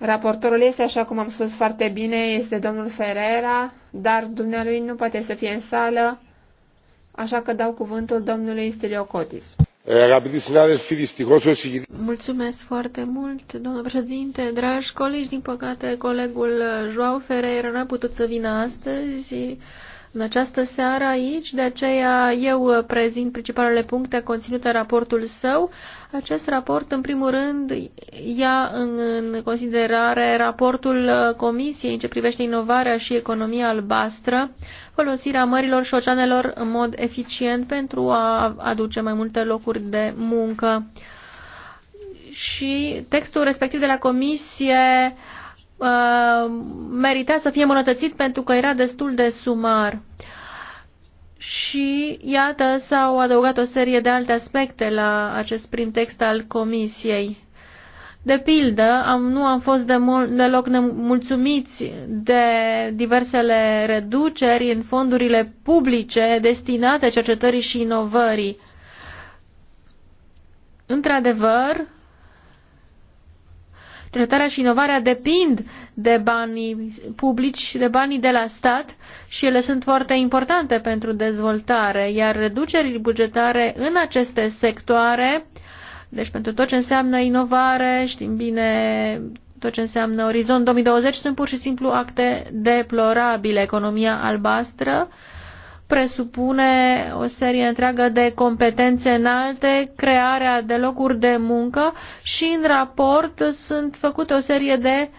Raportorul este, așa cum am spus foarte bine, este domnul Ferrera, dar dumnealui nu poate să fie în sală, așa că dau cuvântul domnului Stiliocotis. Mulțumesc foarte mult, domnule președinte, dragi colegi. Din păcate, colegul Joao Ferreira n-a putut să vină astăzi în această seară aici, de aceea eu prezint principalele puncte conținute în raportul său. Acest raport, în primul rând, ia în considerare raportul Comisiei în ce privește inovarea și economia albastră, folosirea mărilor și oceanelor în mod eficient pentru a aduce mai multe locuri de muncă. Și textul respectiv de la Comisie uh, Uh, merita să fie îmbunătățit pentru că era destul de sumar. Și iată, s-au adăugat o serie de alte aspecte la acest prim text al Comisiei. De pildă, am, nu am fost de mul- deloc mulțumiți de diversele reduceri în fondurile publice destinate cercetării și inovării. Într-adevăr, Cercetarea și inovarea depind de banii publici, de banii de la stat și ele sunt foarte importante pentru dezvoltare, iar reducerile bugetare în aceste sectoare, deci pentru tot ce înseamnă inovare, știm bine tot ce înseamnă orizont 2020, sunt pur și simplu acte deplorabile. Economia albastră, uh, presupune o serie întreagă de competențe înalte, crearea de locuri de muncă și în raport sunt făcute o serie de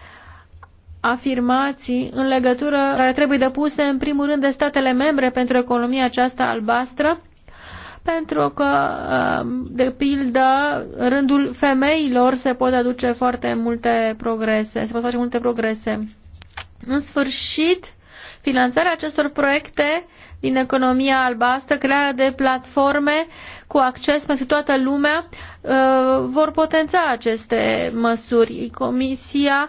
afirmații în legătură care trebuie depuse în primul rând de statele membre pentru economia aceasta albastră, pentru că, uh, de pildă, în rândul femeilor se pot aduce foarte multe progrese, se pot face multe progrese. În sfârșit, Finanțarea acestor proiecte din economia albastră, crearea de platforme cu acces pentru toată lumea, uh, vor potența aceste măsuri. Comisia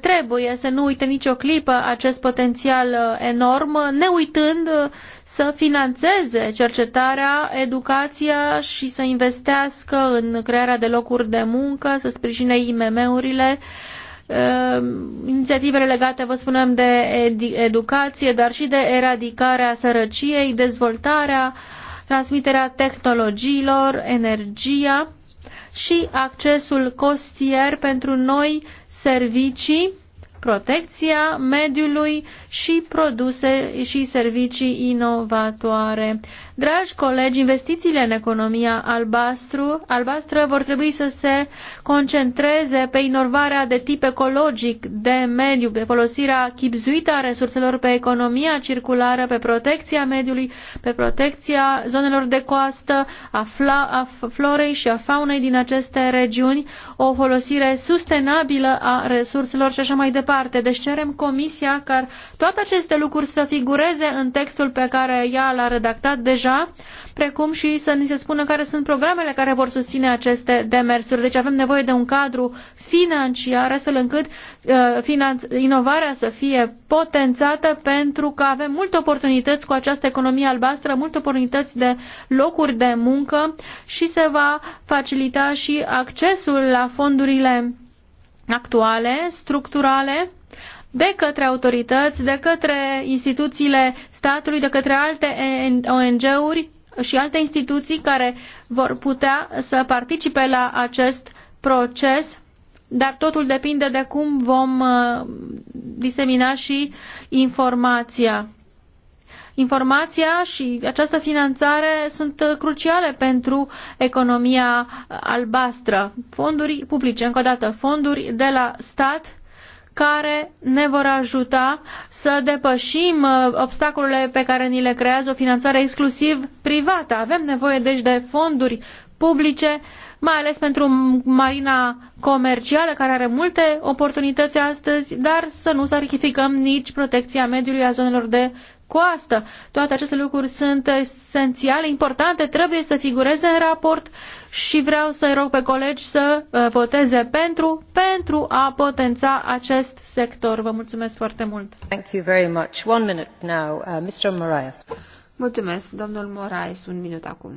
trebuie să nu uite nicio clipă acest potențial uh, enorm, ne uitând uh, să financeze cercetarea, educația și să investească în crearea de locuri de muncă, să sprijine IMM-urile, Ehm, inițiativele legate, vă spunem, de educație, dar și de eradicarea sărăciei, dezvoltarea, transmiterea tehnologiilor, energia și accesul costier pentru noi servicii protecția mediului și produse și servicii inovatoare. Dragi colegi, investițiile în economia albastru, albastră vor trebui să se concentreze pe inovarea de tip ecologic, de mediu, pe folosirea chipzuită a resurselor, pe economia circulară, pe protecția mediului, pe protecția zonelor de coastă, a, fla, a florei și a faunei din aceste regiuni, o folosire sustenabilă a resurselor și așa mai departe departe. Deci cerem Comisia ca toate aceste lucruri să figureze în textul pe care ea l-a redactat deja, precum și să ni se spună care sunt programele care vor susține aceste demersuri. Deci avem nevoie de un cadru financiar astfel încât uh, inovarea să fie potențată pentru că avem multe oportunități cu această economie albastră, multe oportunități de locuri de muncă și se va facilita și accesul la fondurile actuale, structurale, de către autorități, de către instituțiile statului, de către alte ONG-uri și alte instituții care vor putea să participe la acest proces, dar totul depinde de cum vom uh, disemina și informația. Informația și această finanțare sunt cruciale pentru economia albastră. Fonduri publice, încă o dată, fonduri de la stat care ne vor ajuta să depășim uh, obstacolele pe care ni le creează o finanțare exclusiv privată. Avem nevoie deci de fonduri publice, mai ales pentru marina comercială care are multe oportunități astăzi, dar să nu sacrificăm nici protecția mediului a zonelor de coastă. Toate aceste lucruri sunt esențiale, importante, trebuie să figureze în raport și vreau să-i rog pe colegi să uh, voteze pentru, pentru a potența acest sector. Vă mulțumesc foarte mult. Thank you very much. One minute now, uh, Mr. Moraes. Mulțumesc, domnul Moraes, un minut acum.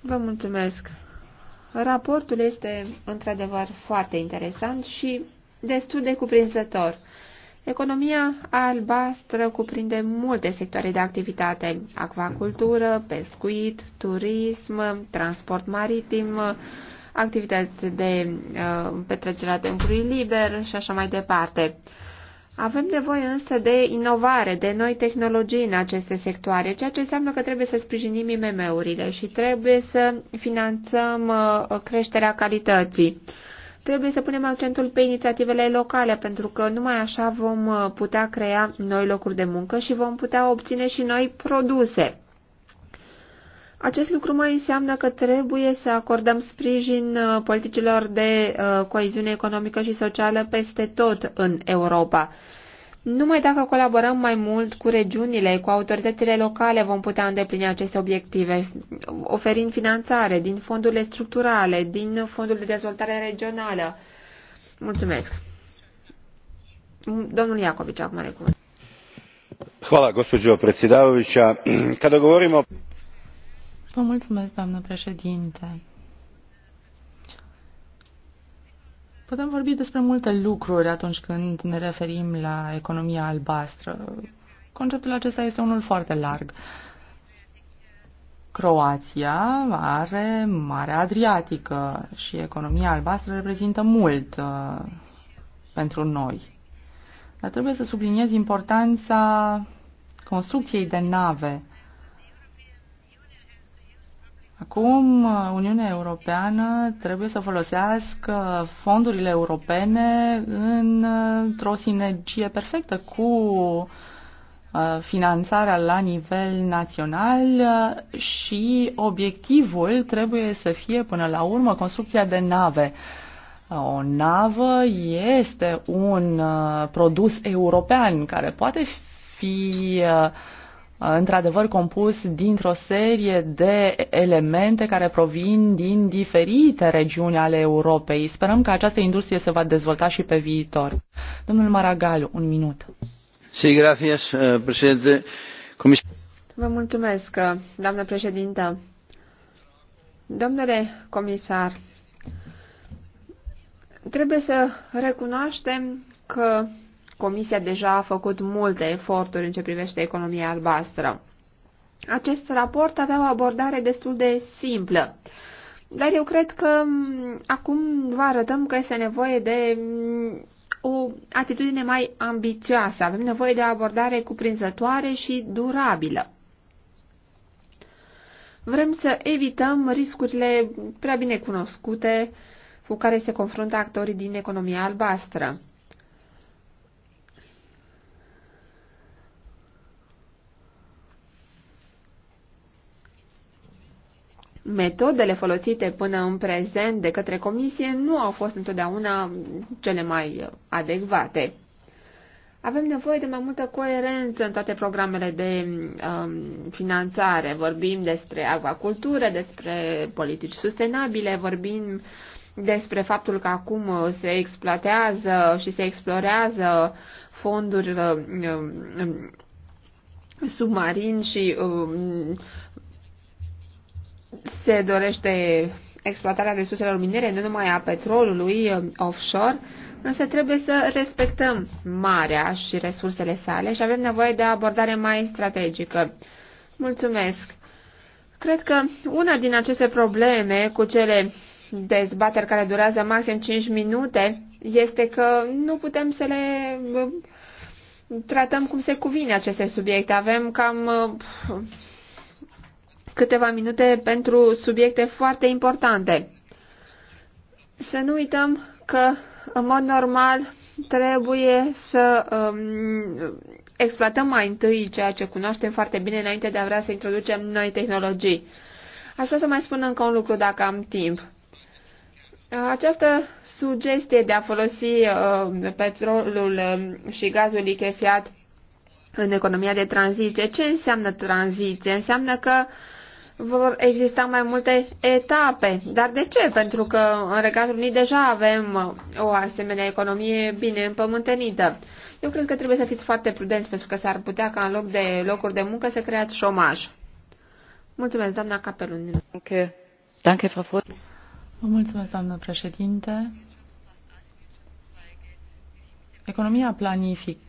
Vă mulțumesc. Raportul este într-adevăr foarte interesant și destul de cuprinzător. Economia albastră cuprinde multe sectoare de activitate, acvacultură, pescuit, turism, transport maritim, activități de uh, petrecerea timpului liber și așa mai departe. Avem nevoie însă de inovare, de noi tehnologii în aceste sectoare, ceea ce înseamnă că trebuie să sprijinim IMM-urile și trebuie să finanțăm uh, creșterea calității. Trebuie să punem accentul pe inițiativele locale, pentru că numai așa vom uh, putea crea noi locuri de muncă și vom putea obține și noi produse. Acest lucru mai înseamnă că trebuie să acordăm sprijin uh, politicilor de uh, coeziune economică și socială peste tot în Europa numai dacă colaborăm mai mult cu regiunile, cu autoritățile locale, vom putea îndeplini aceste obiective, oferind finanțare din fondurile structurale, din fondul de dezvoltare regională. Mulțumesc. Domnul Iacovici, acum are cuvânt. Hvala, gospođo predsjedavajuća. Kada govorimo... Vă mulțumesc, doamnă președinte. Putem vorbi despre multe lucruri atunci când ne referim la economia albastră. Conceptul acesta este unul foarte larg. Croația are Marea Adriatică și economia albastră reprezintă mult uh, pentru noi. Dar trebuie să subliniez importanța construcției de nave Acum, Uniunea Europeană trebuie să folosească fondurile europene într-o sinergie perfectă cu uh, finanțarea la nivel național uh, și obiectivul trebuie să fie până la urmă construcția de nave. Uh, o navă este un produs european care poate fi uh, într-adevăr compus dintr-o serie de elemente care provin din diferite regiuni ale Europei. Sperăm că această industrie se va dezvolta și pe viitor. Domnul Maragaliu, un minut. Sí, gracias, eh, președinte. Comis Vă mulțumesc, eh, doamnă președintă. Domnule comisar, trebuie să recunoaștem că Comisia deja a făcut multe eforturi în ce privește economia albastră. Acest raport avea o abordare destul de simplă, dar eu cred că acum vă arătăm că este nevoie de o atitudine mai ambițioasă. Avem nevoie de o abordare cuprinzătoare și durabilă. Vrem să evităm riscurile prea bine cunoscute cu care se confruntă actorii din economia albastră. metodele folosite până în prezent de către comisie nu au fost întotdeauna cele mai adecvate. Avem nevoie de mai multă coerență în toate programele de um, finanțare. Vorbim despre acvacultură, despre politici sustenabile, vorbim despre faptul că acum se exploatează și se explorează fonduri um, um submarin și um, se dorește exploatarea resurselor minere, nu numai a petrolului um, offshore, însă trebuie să respectăm marea și resursele sale și avem nevoie de o abordare mai strategică. Mulțumesc! Cred că una din aceste probleme cu cele dezbateri care durează maxim 5 minute este că nu putem să le um, tratăm cum se cuvine aceste subiecte. Avem cam uh, câteva minute pentru subiecte foarte importante. Să nu uităm că, în mod normal, trebuie să um, exploatăm mai întâi ceea ce cunoaștem foarte bine înainte de a vrea să introducem noi tehnologii. Aș vrea să mai spun încă un lucru dacă am timp. Această sugestie de a folosi uh, petrolul uh, și gazul lichefiat în economia de tranziție, ce înseamnă tranziție? Înseamnă că uh, vor exista mai multe etape. Dar de ce? Pentru că în Regatul Unit deja avem o asemenea economie bine împământenită. Eu cred că trebuie să fiți foarte prudenți, pentru că s-ar putea ca în loc de locuri de muncă să creați șomaj. Mulțumesc, doamna Capelun. Danke. Frau Vă mulțumesc, doamnă președinte. Economia planifică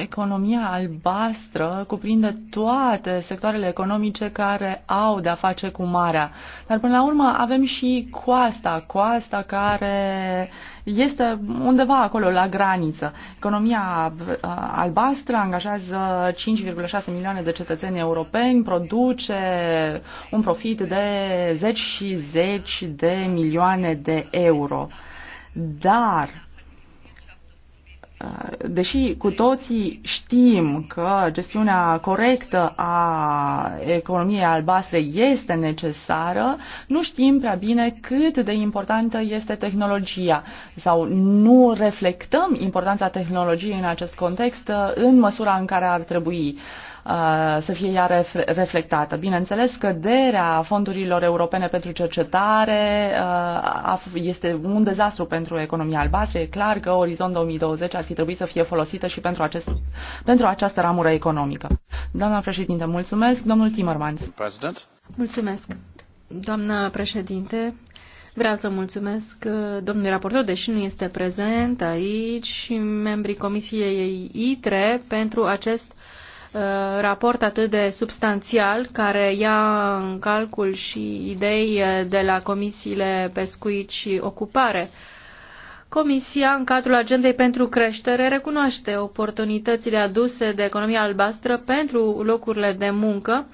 economia albastră cuprinde toate sectoarele economice care au de-a face cu marea. Dar până la urmă avem și coasta, coasta care este undeva acolo, la graniță. Economia uh, albastră angajează 5,6 milioane de cetățeni europeni, produce un profit de 10 și 10 de milioane de euro. Dar deși cu toții știm că gestiunea corectă a economiei albastre este necesară, nu știm prea bine cât de importantă este tehnologia sau nu reflectăm importanța tehnologiei în acest context în măsura în care ar trebui. Uh, Uh, să fie ea reflectată. Bineînțeles, căderea fondurilor europene pentru cercetare uh, este un dezastru pentru economia albastră. E clar că Orizont 2020 ar fi trebuit să fie folosită și pentru, acest, pentru această ramură economică. Doamna președinte, mulțumesc. Domnul Timmermans. President. Mulțumesc. Doamna președinte, Vreau să mulțumesc uh, domnului raportor, deși nu este prezent aici, și membrii Comisiei ITRE pentru acest uh, Uh, raport atât de substanțial care ia în calcul și idei uh, de la comisiile pescuit și ocupare. Comisia, în cadrul agendei pentru creștere, recunoaște oportunitățile aduse de economia albastră pentru locurile de muncă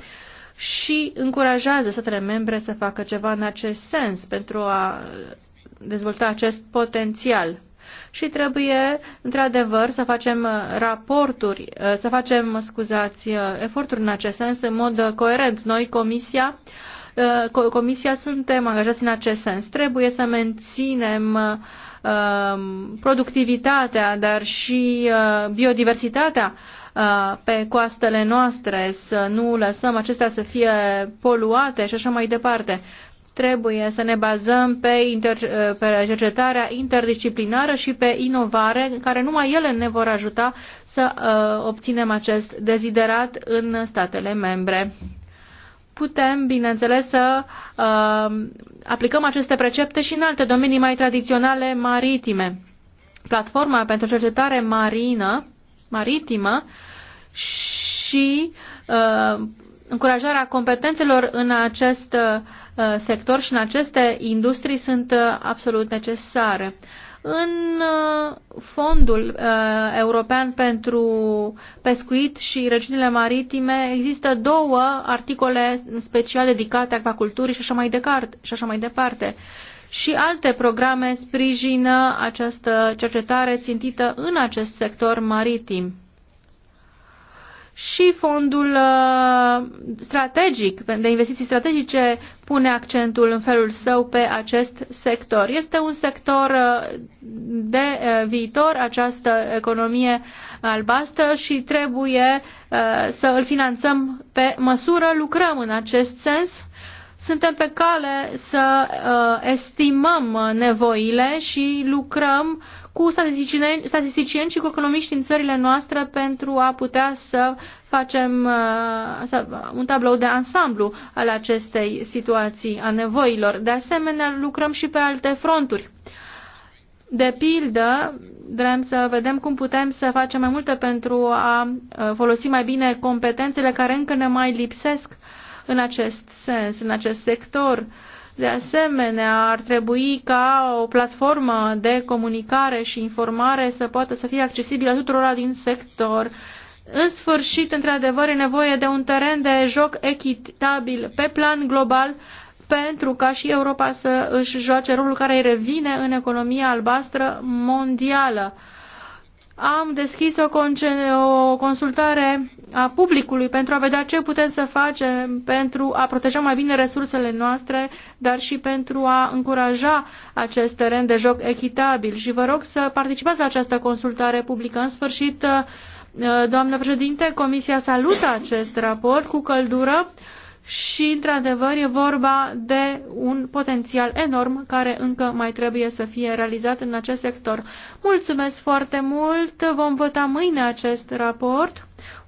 și încurajează statele membre să facă ceva în acest sens pentru a dezvolta acest potențial și trebuie, într-adevăr, să facem uh, raporturi, uh, să facem, scuzați, uh, eforturi în acest sens în mod coerent. Noi, Comisia, Comisia suntem angajați în acest sens. Trebuie să menținem um, productivitatea, dar și biodiversitatea pe coastele noastre, să nu lăsăm acestea să fie poluate și așa mai departe. Trebuie să ne bazăm pe, inter, pe cercetarea interdisciplinară și pe inovare, care numai ele ne vor ajuta să uh, obținem acest deziderat în statele membre putem, bineînțeles, să uh, aplicăm aceste precepte și în alte domenii mai tradiționale maritime. Platforma pentru cercetare marină, maritimă și uh, încurajarea competențelor în acest uh, sector și în aceste industrii sunt uh, absolut necesare. În uh, fondul european pentru pescuit și regiunile maritime există două articole special dedicate acvaculturii și așa mai, decart, și așa mai departe. Și alte programe sprijină această cercetare țintită în acest sector maritim și fondul uh, strategic de investiții strategice pune accentul în felul său pe acest sector. Este un sector uh, de uh, viitor, această economie albastră și trebuie să îl finanțăm pe măsură. Lucrăm în acest sens. Suntem pe cale să estimăm nevoile și lucrăm cu statisticieni, statisticieni și cu economiști în țările noastre pentru a putea să facem uh, un tablou de ansamblu al acestei situații, a nevoilor. De asemenea, lucrăm și pe alte fronturi. De pildă, vrem să vedem cum putem să facem mai multe pentru a uh, folosi mai bine competențele care încă ne mai lipsesc în acest sens, în acest sector. Uh, de asemenea, ar trebui ca o platformă de comunicare și informare să poată să fie accesibilă tuturora din sector. În sfârșit, într-adevăr, e nevoie de un teren de joc echitabil pe plan global pentru ca și Europa să își joace rolul care îi revine în economia albastră mondială am deschis o, o consultare a publicului pentru a vedea ce putem să facem pentru a proteja mai bine resursele noastre, dar și pentru a încuraja acest teren de joc echitabil. Și vă rog să participați la această consultare publică. În sfârșit, uh, doamnă președinte, Comisia salută acest raport cu căldură și, într-adevăr, e vorba de un potențial enorm care încă mai trebuie să fie realizat în acest sector. Mulțumesc foarte mult! Vom vota mâine acest raport.